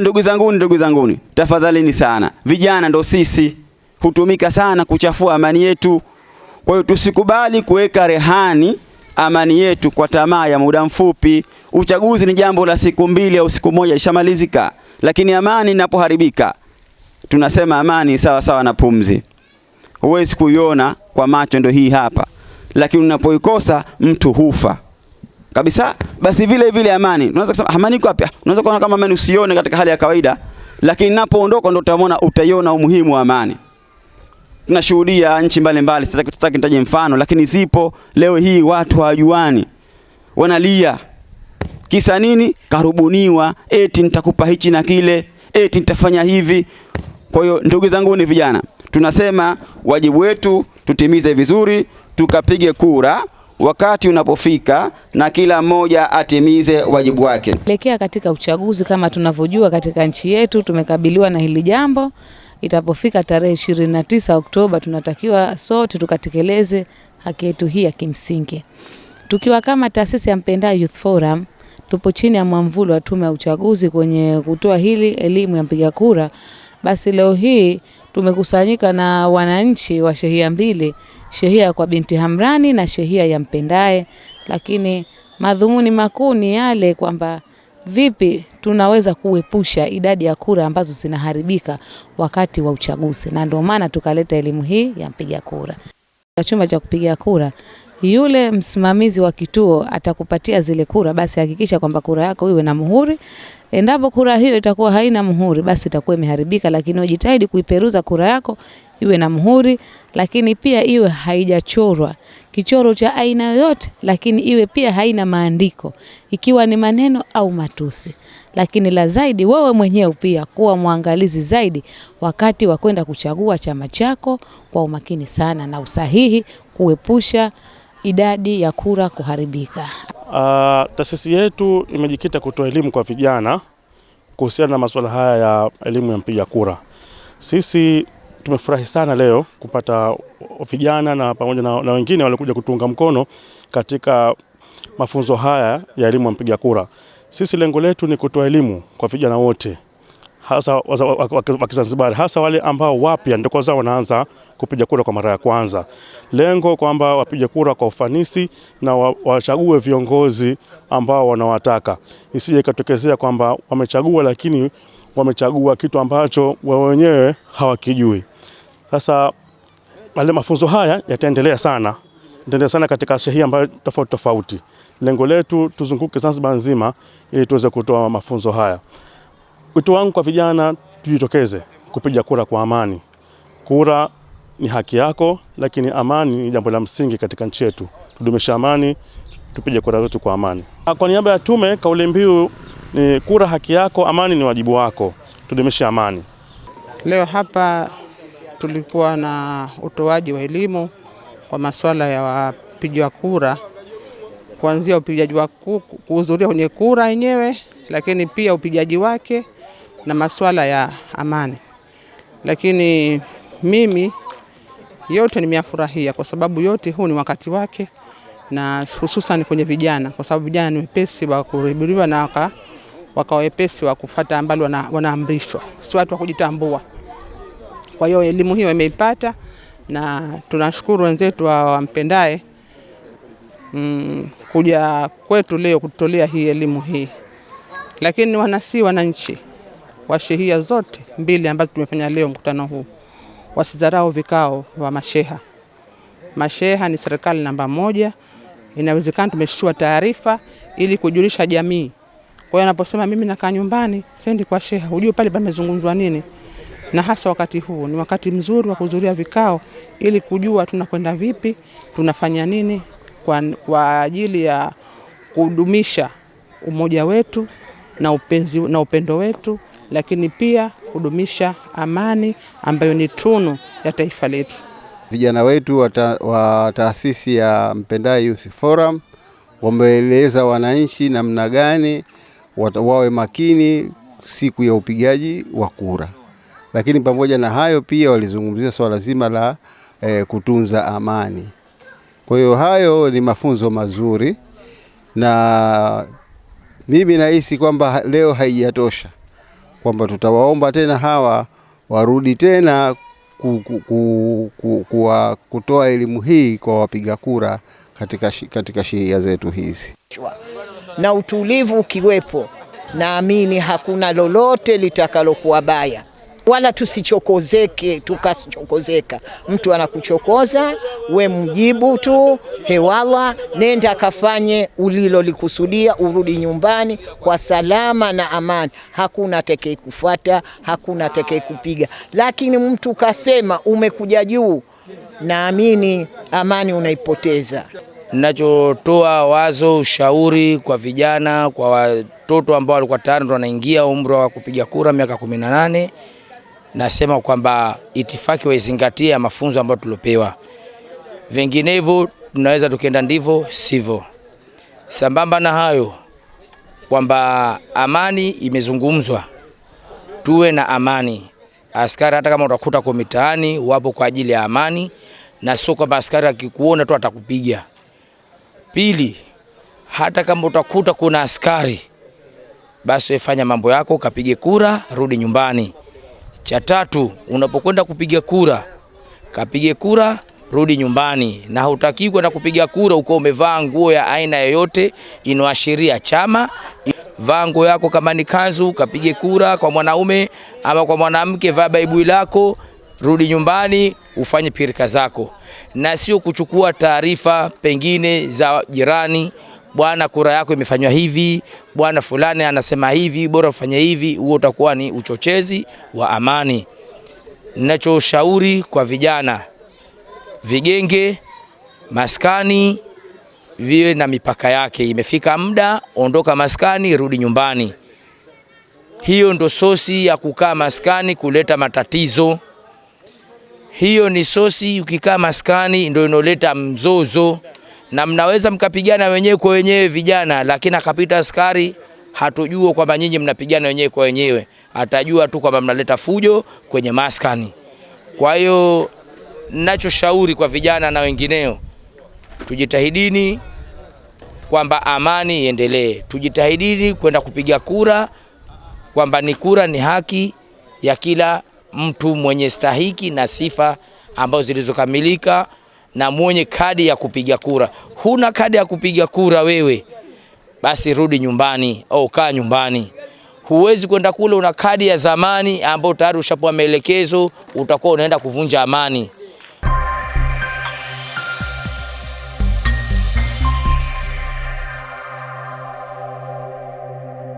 ndugu zanguni, ndugu zanguni, tafadhalini sana, vijana ndo sisi hutumika sana kuchafua amani yetu. Kwa hiyo tusikubali kuweka rehani amani yetu kwa tamaa ya muda mfupi. Uchaguzi ni jambo la siku mbili au siku moja, ishamalizika, lakini amani inapoharibika, tunasema amani sawa sawa na pumzi. Huwezi kuiona kwa macho, ndo hii hapa, lakini unapoikosa mtu hufa kabisa. Basi vile vile amani, unaweza kusema amani iko wapi? Ah, unaweza kuona kama amani usione katika hali ya kawaida, lakini napoondoka ndio utaona, utaiona umuhimu wa amani. Tunashuhudia nchi mbalimbali, sitaki nitaje mfano, lakini zipo leo hii watu hawajuani, wanalia kisa nini? Karubuniwa eti nitakupa hichi na kile, eti nitafanya hivi. Kwa hiyo ndugu zangu, ni vijana, tunasema wajibu wetu tutimize vizuri, tukapige kura wakati unapofika na kila mmoja atimize wajibu wake. Elekea katika uchaguzi, kama tunavyojua katika nchi yetu tumekabiliwa na hili jambo. Itapofika tarehe 29 Oktoba, tunatakiwa sote tukatekeleze haki yetu hii ya kimsingi, tukiwa kama taasisi ya Mpenda Youth Forum tupo chini ya mwamvuli wa Tume ya Uchaguzi kwenye kutoa hili elimu ya mpiga kura. Basi leo hii tumekusanyika na wananchi wa shehia mbili shehia kwa binti Hamrani na shehia ya mpendaye, lakini madhumuni makuu ni yale kwamba vipi tunaweza kuepusha idadi ya kura ambazo zinaharibika wakati wa uchaguzi, na ndio maana tukaleta elimu hii ya mpiga kura. Chumba cha kupiga kura yule msimamizi wa kituo atakupatia zile kura, basi hakikisha kwamba kura yako iwe na muhuri. Endapo kura hiyo itakuwa haina muhuri, basi itakuwa imeharibika, lakini ujitahidi kuiperuza kura yako iwe na muhuri, lakini pia iwe haijachorwa kichoro cha aina yoyote, lakini iwe pia haina maandiko, ikiwa ni maneno au matusi. Lakini la zaidi, wewe mwenyewe pia kuwa mwangalizi zaidi wakati wa kwenda kuchagua chama chako kwa umakini sana na usahihi, kuepusha idadi ya kura kuharibika. Uh, taasisi yetu imejikita kutoa elimu kwa vijana kuhusiana na masuala haya ya elimu ya mpiga kura. Sisi tumefurahi sana leo kupata vijana na pamoja na, na wengine walikuja kutunga mkono katika mafunzo haya ya elimu ya mpiga kura. Sisi lengo letu ni kutoa elimu kwa vijana wote hasa wakizanzibari hasa wale ambao wapya ndio zao wanaanza kupiga kura kwa mara ya kwanza, lengo kwamba wapige kura kwa ufanisi na wachague viongozi ambao wanawataka, isije ikatokezea kwamba wamechagua lakini wamechagua kitu ambacho wao wenyewe hawakijui. Sasa wale mafunzo haya yataendelea sana, yataendelea sana katika shehia ambayo tofauti tofauti. Lengo letu tuzunguke Zanzibar nzima ili tuweze kutoa mafunzo haya. Wito wangu kwa vijana, tujitokeze kupiga kura kwa amani. Kura ni haki yako, lakini amani ni jambo la msingi katika nchi yetu. Tudumisha amani, tupige kura zetu kwa amani. Ah, kwa niaba ya tume, kauli mbiu ni kura haki yako, amani ni wajibu wako. Tudumishe amani. Leo hapa tulikuwa na utoaji wa elimu kwa masuala ya wapiga kura, kuanzia upigaji wa kuhudhuria kwenye kura yenyewe, lakini pia upigaji wake na masuala ya amani, lakini mimi yote nimeyafurahia kwa sababu yote huu ni wakati wake, na hususan kwenye vijana, kwa sababu vijana ni wepesi wa kuhubiriwa na waka, waka wepesi wa kufuata ambalo wana, wanaamrishwa, si watu wa kujitambua. Kwa hiyo elimu hiyo imeipata na tunashukuru wenzetu wampendae mm, kuja kwetu leo kutolea hii elimu hii, lakini wanasi wananchi washehia zote mbili ambazo tumefanya leo mkutano huu, wasidharau vikao vya masheha. Masheha ni serikali namba moja. Inawezekana tumeshtua taarifa ili kujulisha jamii. Kwa hiyo anaposema mimi nakaa nyumbani, sendi kwa sheha, hujui pale pamezungumzwa nini, na hasa wakati huu ni wakati mzuri wa kuhudhuria vikao ili kujua tunakwenda vipi, tunafanya nini kwa, kwa ajili ya kudumisha umoja wetu na, upenzi, na upendo wetu lakini pia kudumisha amani ambayo ni tunu ya taifa letu. Vijana wetu wa taasisi ya Mpendai Youth Forum wameeleza wananchi namna gani wawe makini siku ya upigaji wa kura, lakini pamoja na hayo pia walizungumzia swala zima la e, kutunza amani. Kwa hiyo hayo ni mafunzo mazuri, na mimi nahisi kwamba leo haijatosha kwamba tutawaomba tena hawa warudi tena ku, ku, ku, ku, ku, kutoa elimu hii kwa wapiga kura katika, katika sheria zetu hizi, na utulivu ukiwepo, naamini hakuna lolote litakalokuwa baya wala tusichokozeke, tukachokozeka. Mtu anakuchokoza we mjibu tu, hewala, nenda akafanye ulilolikusudia, urudi nyumbani kwa salama na amani. Hakuna atakee kufuata, hakuna atakee kupiga. Lakini mtu kasema umekuja juu, naamini amani unaipoteza. Ninachotoa wazo, ushauri kwa vijana, kwa watoto ambao walikuwa tayari ndo wanaingia umri wa kupiga kura miaka kumi na nane nasema kwamba itifaki waizingatie mafunzo ambayo tuliopewa, vinginevyo tunaweza tukienda ndivyo sivyo. Sambamba na hayo kwamba amani imezungumzwa, tuwe na amani. Askari hata kama utakuta kwa mitaani, wapo kwa ajili ya amani, na sio kwamba askari akikuona tu atakupiga. Pili, hata kama utakuta kuna askari, basi fanya mambo yako, kapige kura, rudi nyumbani. Cha tatu, unapokwenda kupiga kura, kapige kura, rudi nyumbani, na hutakiwi kwenda kupiga kura uko umevaa nguo ya aina yoyote inayoashiria chama. Vaa nguo yako, kama ni kanzu, kapige kura kwa mwanaume ama kwa mwanamke, vaa baibui lako, rudi nyumbani, ufanye pirika zako, na sio kuchukua taarifa pengine za jirani bwana, kura yako imefanywa hivi, bwana fulani anasema hivi, bora ufanye hivi, huo utakuwa ni uchochezi wa amani. Ninachoshauri kwa vijana, vigenge maskani viwe na mipaka yake. Imefika muda, ondoka maskani, rudi nyumbani. Hiyo ndo sosi ya kukaa maskani kuleta matatizo. Hiyo ni sosi, ukikaa maskani ndo inoleta mzozo na mnaweza mkapigana wenyewe kwa wenyewe vijana, lakini akapita askari hatujua kwamba nyinyi mnapigana wenyewe kwa wenyewe, atajua tu kwamba mnaleta fujo kwenye maskani. Kwa hiyo ninachoshauri kwa vijana na wengineo, tujitahidini kwamba amani iendelee, tujitahidini kwenda kupiga kura, kwamba ni kura ni haki ya kila mtu mwenye stahiki na sifa ambazo zilizokamilika na mwenye kadi ya kupiga kura. Huna kadi ya kupiga kura wewe, basi rudi nyumbani au kaa nyumbani. Huwezi kwenda kule una kadi ya zamani ambayo tayari ushapewa maelekezo, utakuwa unaenda kuvunja amani.